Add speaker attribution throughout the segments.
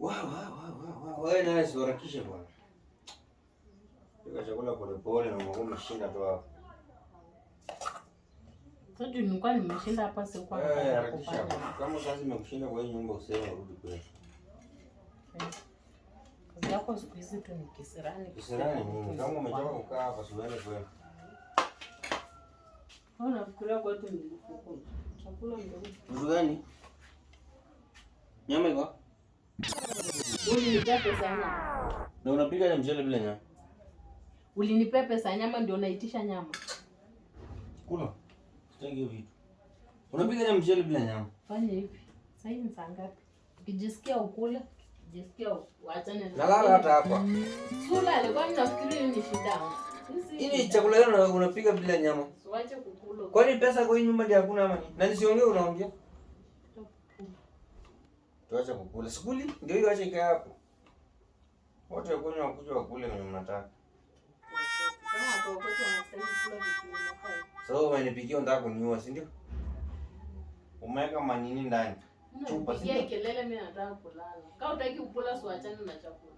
Speaker 1: wewe naye siharakishe bwana, pika chakula polepole, na umeshinda tu hapo.
Speaker 2: Nilikuwa nimeshinda hapa, si kwa
Speaker 1: kama kazi imekushinda kwa hii nyumba, useme urudi kwetu.
Speaker 2: Kazi yako siku hizi tu ni kisirani,
Speaker 1: kisirani. Kama umechoka kukaa hapa, si kwetu.
Speaker 2: Unafikiria kwetu ni
Speaker 1: chakula ndio. Nyama iko
Speaker 2: Ulinipea pesa nyama.
Speaker 1: Na unapika ya mchele bila nyama.
Speaker 2: Ulinipea pesa nyama ndio unaitisha nyama.
Speaker 1: Kula. Tenge vitu. Unapika ya mchele bila nyama.
Speaker 2: Fanya hivi. Sasa hivi ni saa ngapi? Ukijisikia ukule, ukijisikia uachane
Speaker 1: na. Lala hata hapa.
Speaker 2: Kula, alikuwa anafikiri ni shida.
Speaker 1: Hivi chakula yenu unapika bila nyama.
Speaker 2: Usiache kukula.
Speaker 1: Kwani pesa kwa hii nyumba ndio hakuna ama ni? Na nisiongee unaongea tuache kukula. Sikuli ndio hiyo, acha ikae hapo. Wote wakunywa wakuja wakule kwenye mnataka. So umenipikia unataka kuniua, si ndio? Umeweka manini ndani? Chupa si ndio?
Speaker 2: Kelele, mimi nataka kulala. Kama hutaki kukula, si achane na chakula.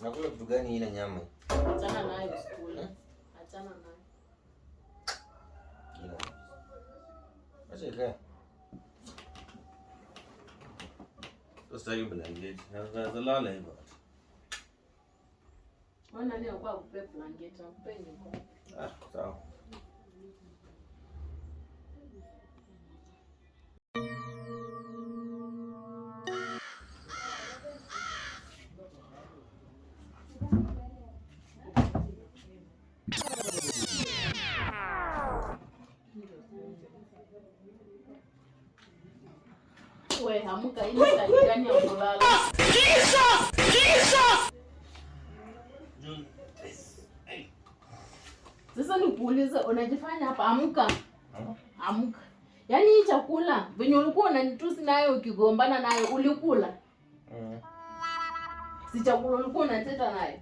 Speaker 1: Nakula kitu gani ile nyama?
Speaker 2: Achana nayo sikuli. Eh? Achana nayo.
Speaker 1: Acha ikae. Sasa hiyo blanketi sasa zalala hivyo.
Speaker 2: Bwana leo kwa kupe blanketi, mpenzi.
Speaker 1: Ah, sawa.
Speaker 2: wako wehamuka ili saidani ya kulala. Jesus! Jesus! Sasa nikuulize unajifanya hapa amka. Amka. Yaani hii chakula venye ulikuwa unanitusi nayo ukigombana nayo ulikula. Mm. Si chakula ulikuwa unateta nayo.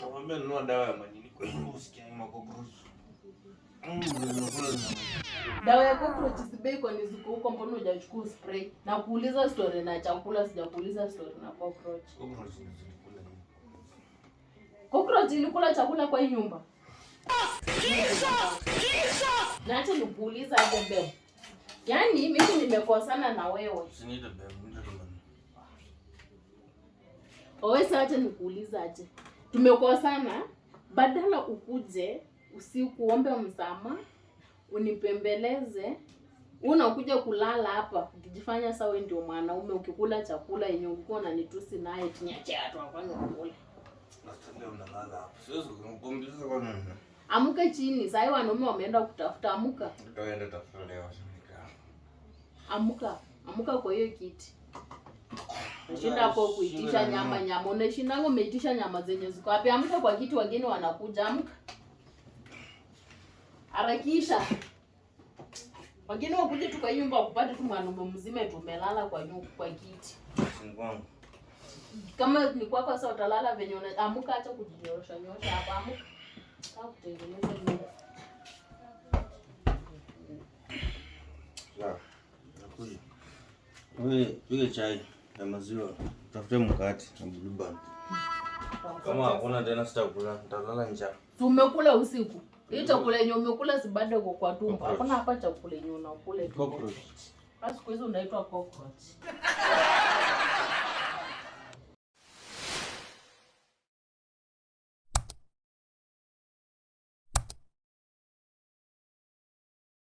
Speaker 1: Nakwambia nunua dawa ya majini kwa hiyo usikia makokosu. Mm,
Speaker 2: Dawa ya cockroaches bei kwa ni ziko huko, mbona hujachukua spray? Na kuuliza story na chakula, sijakuuliza story na cockroach. Cockroach ilikula chakula kwa hii nyumba. Kisha, kisha. Na acha nikuuliza hapo bebe. Yaani mimi nimekosana na wewe.
Speaker 1: Usiniite bebe.
Speaker 2: Wewe sasa acha nikuuliza aje. Tumekosana badala ukuje usiku uombe msamaha unipembeleze unakuja kulala hapa ukijifanya sawa wewe ndio mwanaume, ukikula chakula yenye ulikuwa unanitusi naye amuka chini. Sasa wanaume wameenda kutafuta, amuka, amuka, amuka kwa hiyo kiti. Nashinda hapo kuitisha nyama nyama, ngo umeitisha nyama zenye ziko wapi? Amka kwa kiti, wageni wanakuja, amka. Harakisha. Wageni wakuje tu kwa nyumba wakupate tu mwanaume mzima tu tumelala kwa nyumba kwa kiti. Kama ni kwako sasa utalala venye unaamuka, acha kujinyorosha nyosha hapa amuka. Au kutengeneza nyumba.
Speaker 1: La. Nakuli. Wewe pige chai na maziwa. Tafute mkate na blueband. Hmm. Kama hakuna tena sitakula, nitalala njaa.
Speaker 2: Tumekula usiku. Hii chakula yenye umekula si bado uko kwa tumbo. Hakuna hapa chakula yenye unakula.
Speaker 1: Cockroach.
Speaker 2: Siku hizi unaitwa cockroach.